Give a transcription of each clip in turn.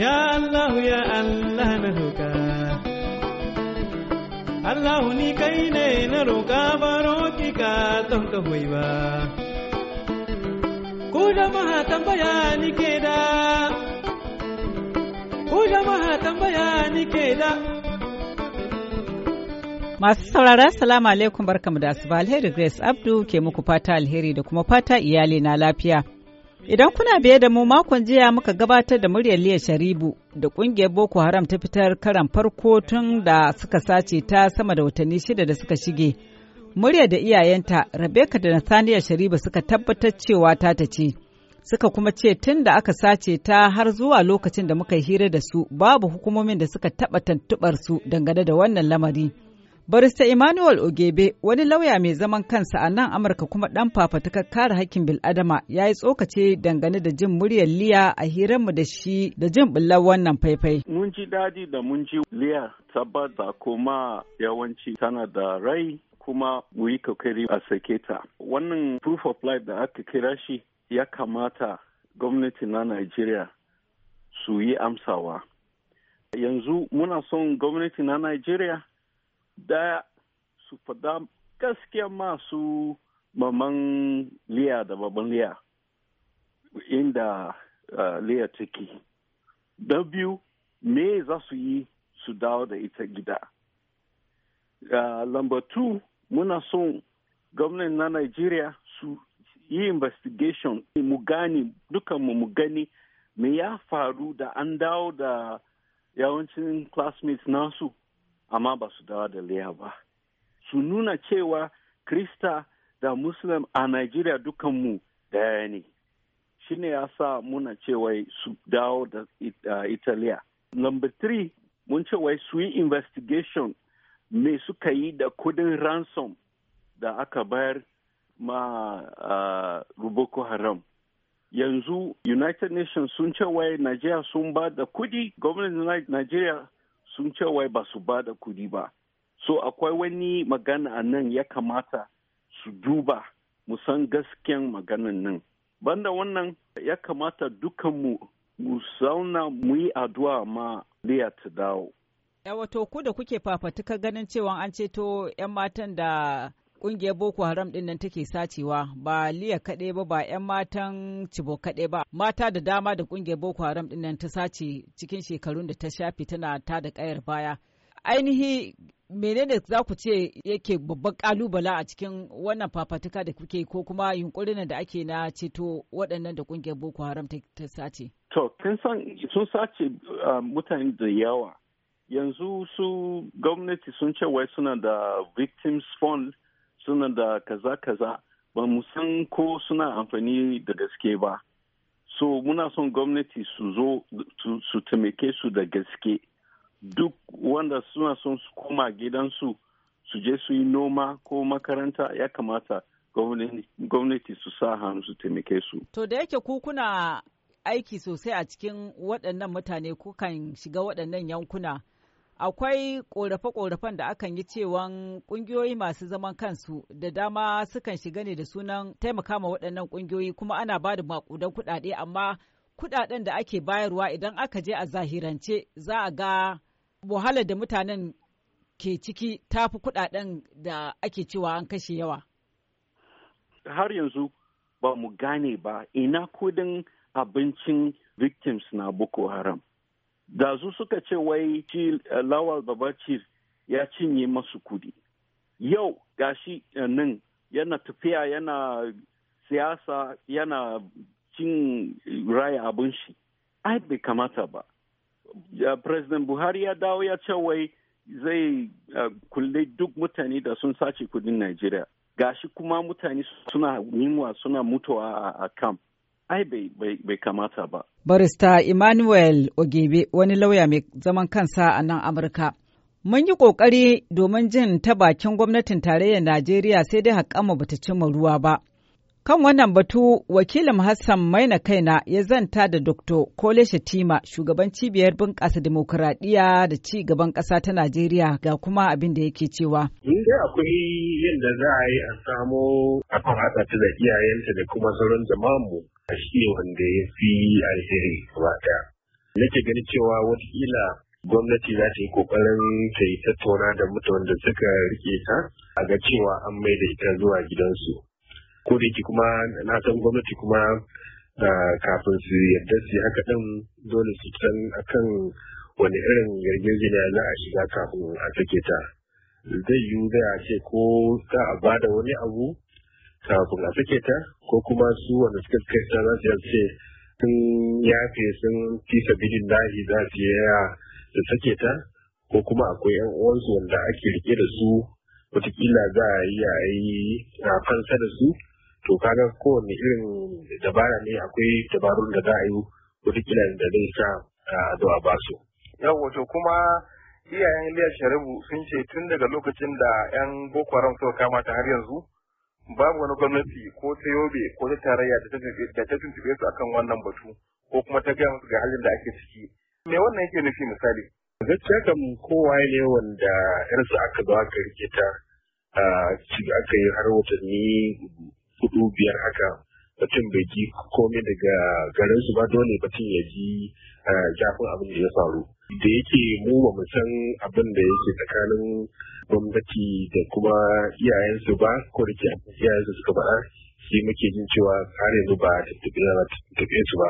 Ya Allah ya Allah na roka Allah ni kai ne na roka baro ki ka don ka hoyi ba Ku jama'a tambaya ni ke da Ku jama'a tambaya ni ke da Masu saurara salamu alaikum barkamu da asuba alheri Grace Abdu ke muku fata alheri da kuma fata iyali na lafiya. Idan kuna biye da mu makon jiya muka gabatar da muryar Liya Sharibu da kungiyar Boko Haram ta fitar karan farko tun da suka sace ta sama da watanni shida da suka shige. Murya da iyayenta Rebecca da Nathaniel Sharibu suka tabbatar cewa ta tace Suka kuma ce tun da aka sace ta har zuwa lokacin da muka hira da su babu hukumomin da suka taɓa tantubar su dangane da wannan lamari. Barista Emmanuel Ogebe wani lauya mai zaman kansa a nan Amurka kuma ɗan fafatukar kare hakkin bil'adama ya yi tsokace dangane da jin muryar Liya a hiranmu da shi da jin bullar wannan faifai. Mun ji daɗi da mun ji Liya tabbata kuma yawanci tana da rai kuma mu yi kokari a sake ta. Wannan proof of life da aka kira shi ya kamata gwamnati na Najeriya su yi amsawa. Yanzu muna son gwamnati na Najeriya da su fada gaskiya masu maman liya da baban liya inda liya take da biyu me za su yi su dawo da ita gida lambatu muna son gwamnan na nigeria su yi investigation mu gani dukanmu mu gani me ya faru da an dawo da yawancin classmates nasu amma ba su dawa da liya ba su nuna cewa krista da muslim a najeriya dukanmu daya ne shi ne ya sa muna cewa su dawo da uh, italiya number three mun ce su yi investigation me suka yi da kudin ransom da aka bayar ma uh, Haram. Yanzu United Nations sun ce Najeriya sun ba da kudi, gwamnatin Najeriya sun ce wai ba su ba da kudi ba so akwai wani magana a nan ya kamata su duba mu san gaskiyan maganan nan banda wannan ya kamata dukanmu mu zauna mu yi addu'a ma liya ta dawo. Eh, wato ku da kuke fafatuka ganin cewa an ceto 'yan matan da kungiyar boko haram din nan take sacewa ba liya kaɗai ba ba 'yan matan cibo kaɗai ba mata da dama da kungiyar boko haram din nan ta sace cikin shekarun da ta shafe tana ta da ƙayar baya ainihi menene za ku ce yake babban kalubala a cikin wannan fafatuka da kuke ko kuma yunkurin da ake na ceto waɗannan da kungiyar boko haram ta sace to kin san sun sace um, mutane da yawa yanzu su gwamnati sun ce wai suna da victims fund suna da kaza kaza ba mu san ko suna amfani da gaske ba so muna son gwamnati su zo su taimake su da gaske duk wanda suna son su koma gidansu su je su yi noma ko makaranta ya kamata gwamnati su sa hannu su taimake su to da yake ku kuna aiki sosai a cikin waɗannan mutane kukan shiga waɗannan yankuna akwai ƙorafe-ƙorafen da akan yi cewan ƙungiyoyi masu zaman kansu da dama sukan shiga ne da sunan taimaka ma waɗannan ƙungiyoyi kuma ana ba da maƙudan kuɗaɗe amma kuɗaɗen da ake bayarwa idan aka je a zahirance za a ga wahalar da mutanen ke ciki ta fi kuɗaɗen da ake cewa an kashe yawa. Har yanzu ba mu gane ba ina kudin abincin victims na Boko Haram. da su suka ce wai ci eh, lawal babacir ya cinye masu kudi yau gashi eh, nan yana tafiya yana siyasa yana cin raya abin shi ai bai kamata ba president buhari ya dawo ya ce wai zai eh, kulle duk mutane da sun sace kudin nigeria. gashi kuma mutane suna yunwa suna mutuwa a camp ai bai kamata ba. Barista Emmanuel Ogebe wani lauya mai zaman kansa a nan Amurka. Mun yi ƙoƙari domin jin ta bakin gwamnatin tarayyar Najeriya sai dai haƙama bata cimma ruwa ba. Kan wannan batu wakilin Hassan Maina Kaina ya zanta da Dr. Kole Shatima shugaban cibiyar bunƙasa demokuraɗiyya da ci gaban ƙasa ta Najeriya ga kuma abin da yake cewa. Inda akwai yadda za a yi a samo a haɗa da iyayenta da kuma sauran jama'anmu a shi wanda ya fi alheri gaba ɗaya. Nake ganin cewa watakila gwamnati za ta yi kokarin ta yi tattauna da mutanen da suka rike ta a ga cewa an mai da ita zuwa gidansu ko da yake kuma na san gwamnati kuma kafin su yadda su yi haka ɗin dole su san akan wani irin yarjejeniya na a shiga kafin a sake ta zai yiwu da a ce ko za a da wani abu kafin a sake ta ko kuma su wanda suka kai ta za su yace sun yafe sun fi sabidin dahi za su yi su sake ta ko kuma akwai yan uwansu wanda ake rike da su wataƙila za a yi a yi kansa da su to kaga kowane irin dabara ne akwai dabarun da za a yi kila da zai sa addu'a ba su. Yawwa to kuma iyayen Liya Sharibu sun ce tun daga lokacin da 'yan Boko Haram suka kama ta har yanzu babu wani gwamnati ko ta yobe ko ta tarayya da ta tuntube su akan wannan batu ko kuma ta gaya musu ga halin da ake ciki. Me wannan yake nufi misali? Gaskiya kam kowa ne wanda 'yarsa aka zo aka rike ta aka yi har watanni hudu biyar haka mutum bai ji komai daga garin su ba dole mutum ya ji jafin eh, abin da ya faru da yake mu ba mu san abin da yake tsakanin gwamnati da kuma iyayensu ba ko da iyayensu suka faɗa shi muke jin cewa har yanzu ba tafiye su ba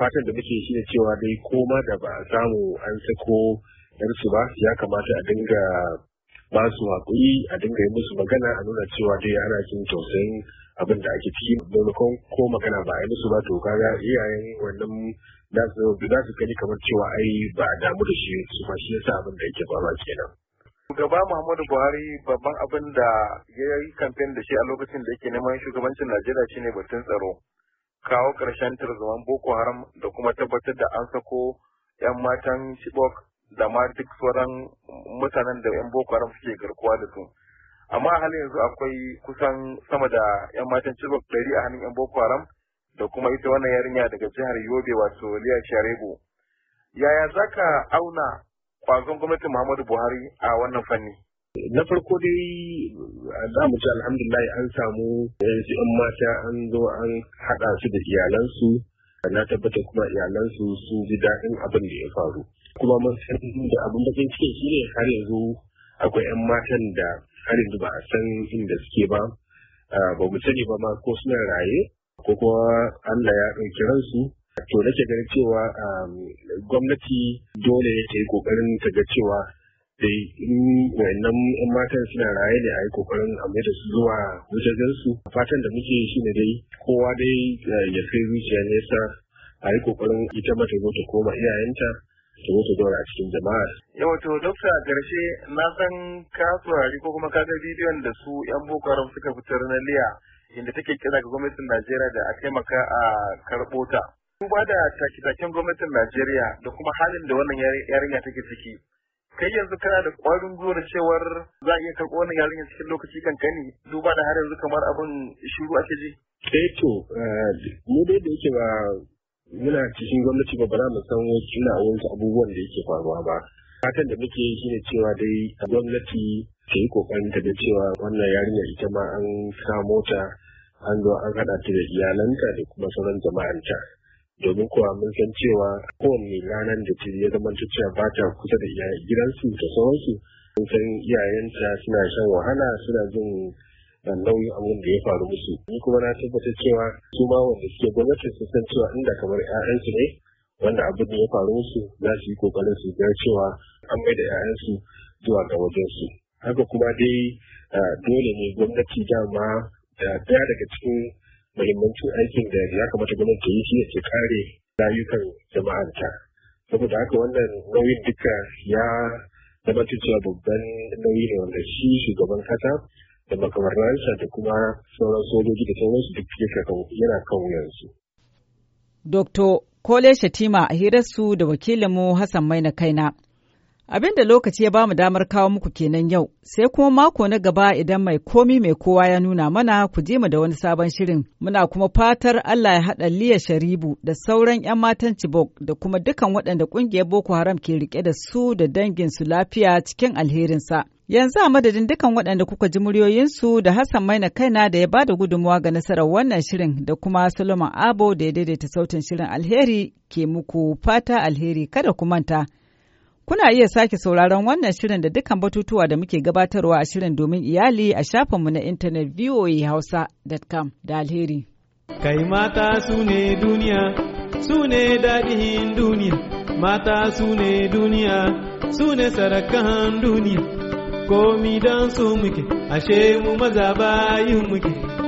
fatan da muke shi cewa dai koma da ba a samu an sako yarsu ba ya kamata a dinga ba su haƙuri a dinga yi musu magana a nuna cewa dai ana jin tausayin abin da ake ciki maimakon ko magana ba a musu ba to kaga iyayen wannan za su gani kamar cewa ai ba a damu da shi su ba shi yasa abin da yake faruwa kenan. Shugaba Muhammadu Buhari babban abin da ya yi kamfen da shi a lokacin da yake neman shugabancin Najeriya shine batun tsaro. Kawo karshen tarzoman Boko Haram da kuma tabbatar da an sako 'yan matan Chibok da ma duk sauran mutanen da 'yan Boko Haram suke garkuwa da su. amma a halin yanzu akwai kusan sama da yan matan cibok ɗari a hannun yan boko haram da kuma ita wannan yarinya daga jihar yobe wato liya sharebo yaya za ka auna kwazon gwamnatin muhammadu buhari a wannan fanni na farko dai za mu ci alhamdulillah an samu yanzu yan mata an zo an haɗa su da iyalansu na tabbata kuma iyalansu sun ji daɗin abin da ya faru kuma mun san da abin bakin shi ne har yanzu akwai yan matan da har yanzu ba a san inda suke ba ba mu sani ba ma ko suna raye ko kuma Allah ya ɗauki ransu to nake ganin cewa um, gwamnati dole ta yi kokarin ta ga cewa dai in wayannan yan matan suna raye ne a yi kokarin a da su zuwa wajajensu fatan da muke shi ne dai kowa dai eh, ya kai zuciya nesa a yi kokarin ita mata zo ta koma iyayenta da zo ta zauna a cikin jama'a. Yau eh, to dokta a ƙarshe na san ka saurari ko kuma ka ga bidiyon da su 'yan Boko suka fitar na Liya inda take kira ga gwamnatin Najeriya da a taimaka a karɓo ta. ba da take-taken gwamnatin Najeriya da kuma halin da wannan yarinya take ciki. Kai yanzu kana da ƙwarin gwiwar cewar za a iya karɓo wannan yarinya cikin lokaci kankani duba da har yanzu kamar abin shiru ake ji. Eh, eh mu dai da yake ba muna cikin gwamnati ba za mu san wasu wasu abubuwan da yake faruwa ba fatan da muke yi shine cewa dai gwamnati ke yi kokarin ta da cewa wannan yarinya ita ma an samo ta an zo an haɗa ta da iyalanta da kuma sauran jama'anta domin kuwa mun san cewa kowanne ranar da ta ya zama ta cewa ba ta kusa da gidansu da sauransu mun san iyayenta suna shan wahala suna jin da nauyin abin da ya faru musu ni kuma na tabbata cewa su ma wanda suke gwamnati su san cewa inda kamar 'ya'yansu ne wanda abin da ya faru musu za su yi kokarin su ga cewa an mai da 'ya'yansu zuwa ga wajensu haka kuma dai dole ne gwamnati dama da ɗaya daga cikin muhimmancin aikin da ya kamata gwamnati ta yi shi ne ta kare rayukan jama'arta saboda haka wannan nauyin duka ya zama cewa babban nauyi ne wanda shi shugaban kasa da makamarransa da kuma sauran sojoji da sauransu duk yana kan wuyansu. Dr. Kole Shatima a hirarsu da wakilinmu Hassan Maina Kaina. Abin da lokaci ya bamu damar kawo muku kenan yau, sai kuma mako na gaba idan mai komi mai kowa ya nuna mana ku ji mu da wani sabon shirin. Muna kuma fatar Allah ya haɗa Liya Sharibu da sauran 'yan matan Chibok da kuma dukan waɗanda ƙungiyar Boko Haram ke rike da su da danginsu lafiya cikin alherinsa. Yanzu a madadin dukan waɗanda kuka ji muryoyinsu da Hassan Maina kaina da ya bada gudunmawa ga nasarar wannan shirin da kuma Solomon Abo da ya daidaita sautin shirin alheri ke muku fata alheri kada ku manta. Kuna iya sake sauraron wannan shirin da dukkan batutuwa da muke gabatarwa a shirin domin iyali a shafinmu na intanet voahausa.com da alheri. Kai mata su ne duniya, su ne duniya, mata su ne duniya, su ne sarakan duniya. komi don su muke ashe mu maza bayin muke